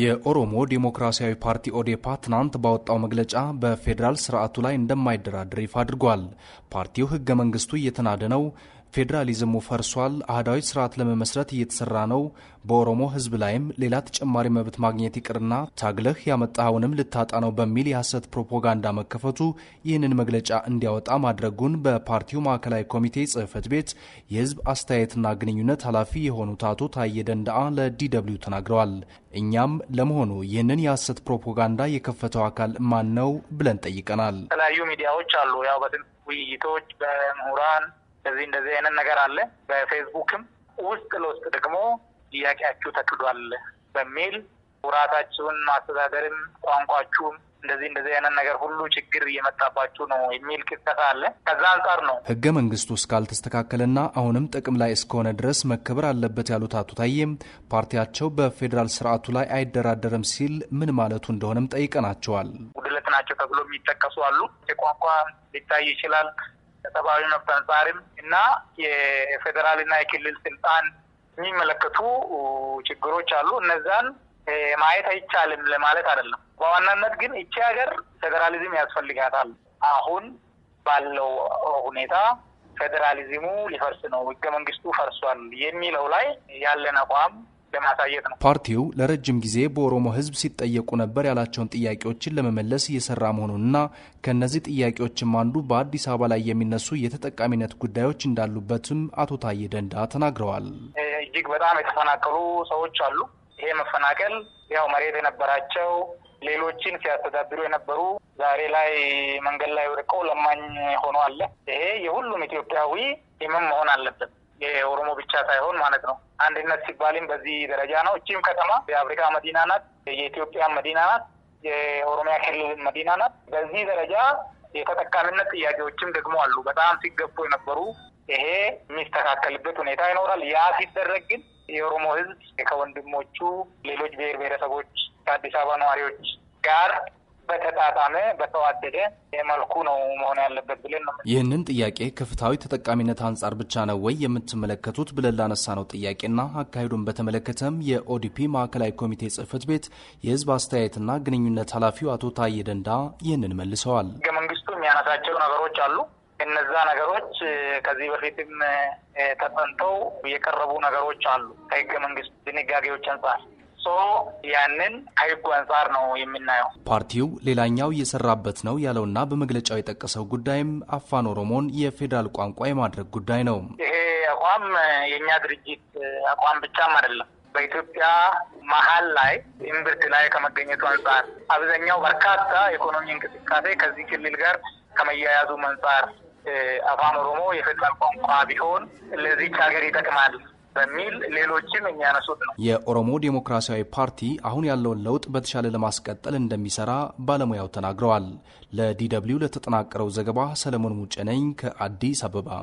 የኦሮሞ ዴሞክራሲያዊ ፓርቲ ኦዴፓ ትናንት ባወጣው መግለጫ በፌዴራል ስርዓቱ ላይ እንደማይደራደር ይፋ አድርጓል። ፓርቲው ህገ መንግስቱ እየተናደ ነው፣ ፌዴራሊዝሙ ፈርሷል፣ አህዳዊ ስርዓት ለመመስረት እየተሰራ ነው፣ በኦሮሞ ህዝብ ላይም ሌላ ተጨማሪ መብት ማግኘት ይቅርና ታግለህ ያመጣኸውንም ልታጣ ነው በሚል የሐሰት ፕሮፓጋንዳ መከፈቱ ይህንን መግለጫ እንዲያወጣ ማድረጉን በፓርቲው ማዕከላዊ ኮሚቴ ጽህፈት ቤት የህዝብ አስተያየትና ግንኙነት ኃላፊ የሆኑት አቶ ታየ ደንዳአ ለዲደብሊው ተናግረዋል። እኛም ለመሆኑ ይህንን የሐሰት ፕሮፓጋንዳ የከፈተው አካል ማን ነው ብለን ጠይቀናል። የተለያዩ ሚዲያዎች አሉ። ያው በድምፅ ውይይቶች በምሁራን ስለዚህ እንደዚህ አይነት ነገር አለ። በፌስቡክም ውስጥ ለውስጥ ደግሞ ጥያቄያችሁ ተክዷል በሚል ውራታችሁን፣ አስተዳደርም፣ ቋንቋችሁም እንደዚህ እንደዚህ አይነት ነገር ሁሉ ችግር እየመጣባችሁ ነው የሚል ቅስቀሳ አለ። ከዛ አንጻር ነው ህገ መንግስቱ እስካልተስተካከለና አሁንም ጥቅም ላይ እስከሆነ ድረስ መከበር አለበት ያሉት አቶ ታዬም ፓርቲያቸው በፌዴራል ስርዓቱ ላይ አይደራደርም ሲል ምን ማለቱ እንደሆነም ጠይቀናቸዋል። ጉድለት ናቸው ተብሎ የሚጠቀሱ አሉ። የቋንቋ ሊታይ ይችላል ከሰብአዊ መብት አንጻርም እና የፌዴራልና የክልል ስልጣን የሚመለከቱ ችግሮች አሉ። እነዛን ማየት አይቻልም ለማለት አይደለም። በዋናነት ግን እቺ ሀገር ፌዴራሊዝም ያስፈልጋታል። አሁን ባለው ሁኔታ ፌዴራሊዝሙ ሊፈርስ ነው፣ ህገ መንግስቱ ፈርሷል የሚለው ላይ ያለን አቋም ለማሳየት ነው። ፓርቲው ለረጅም ጊዜ በኦሮሞ ሕዝብ ሲጠየቁ ነበር ያላቸውን ጥያቄዎችን ለመመለስ እየሰራ መሆኑንና ከእነዚህ ጥያቄዎችም አንዱ በአዲስ አበባ ላይ የሚነሱ የተጠቃሚነት ጉዳዮች እንዳሉበትም አቶ ታዬ ደንዳ ተናግረዋል። እጅግ በጣም የተፈናቀሉ ሰዎች አሉ። ይሄ መፈናቀል ያው መሬት የነበራቸው ሌሎችን ሲያስተዳድሩ የነበሩ ዛሬ ላይ መንገድ ላይ ወድቀው ለማኝ ሆኖ አለ። ይሄ የሁሉም ኢትዮጵያዊ ህመም መሆን አለበት። የኦሮሞ ብቻ ሳይሆን ማለት ነው። አንድነት ሲባልም በዚህ ደረጃ ነው። እቺም ከተማ የአፍሪካ መዲና ናት። የኢትዮጵያ መዲና ናት። የኦሮሚያ ክልል መዲና ናት። በዚህ ደረጃ የተጠቃሚነት ጥያቄዎችም ደግሞ አሉ። በጣም ሲገፉ የነበሩ ይሄ የሚስተካከልበት ሁኔታ ይኖራል። ያ ሲደረግ ግን የኦሮሞ ህዝብ ከወንድሞቹ ሌሎች ብሔር ብሔረሰቦች ከአዲስ አበባ ነዋሪዎች ጋር በተጣጣመ በተዋደደ መልኩ ነው መሆን ያለበት ብለን ነው። ይህንን ጥያቄ ከፍትሐዊ ተጠቃሚነት አንጻር ብቻ ነው ወይ የምትመለከቱት ብለን ላነሳ ነው ጥያቄና አካሄዱን በተመለከተም የኦዲፒ ማዕከላዊ ኮሚቴ ጽህፈት ቤት የህዝብ አስተያየትና ግንኙነት ኃላፊው አቶ ታዬ ደንዳ ይህንን መልሰዋል። ህገ መንግስቱ የሚያነሳቸው ነገሮች አሉ። እነዛ ነገሮች ከዚህ በፊትም ተጠንተው የቀረቡ ነገሮች አሉ ከህገ መንግስት ድንጋጌዎች አንጻር ያንን ከህጉ አንጻር ነው የምናየው። ፓርቲው ሌላኛው እየሰራበት ነው ያለውና በመግለጫው የጠቀሰው ጉዳይም አፋን ኦሮሞን የፌዴራል ቋንቋ የማድረግ ጉዳይ ነው። ይሄ አቋም የእኛ ድርጅት አቋም ብቻም አይደለም። በኢትዮጵያ መሀል ላይ እምብርት ላይ ከመገኘቱ አንጻር አብዛኛው በርካታ ኢኮኖሚ እንቅስቃሴ ከዚህ ክልል ጋር ከመያያዙ አንጻር አፋን ኦሮሞ የፌዴራል ቋንቋ ቢሆን ለዚች ሀገር ይጠቅማል በሚል ሌሎችም የሚያነሱት ነው። የኦሮሞ ዴሞክራሲያዊ ፓርቲ አሁን ያለውን ለውጥ በተሻለ ለማስቀጠል እንደሚሰራ ባለሙያው ተናግረዋል። ለዲ ደብልዩ ለተጠናቀረው ዘገባ ሰለሞን ሙጬ ነኝ ከአዲስ አበባ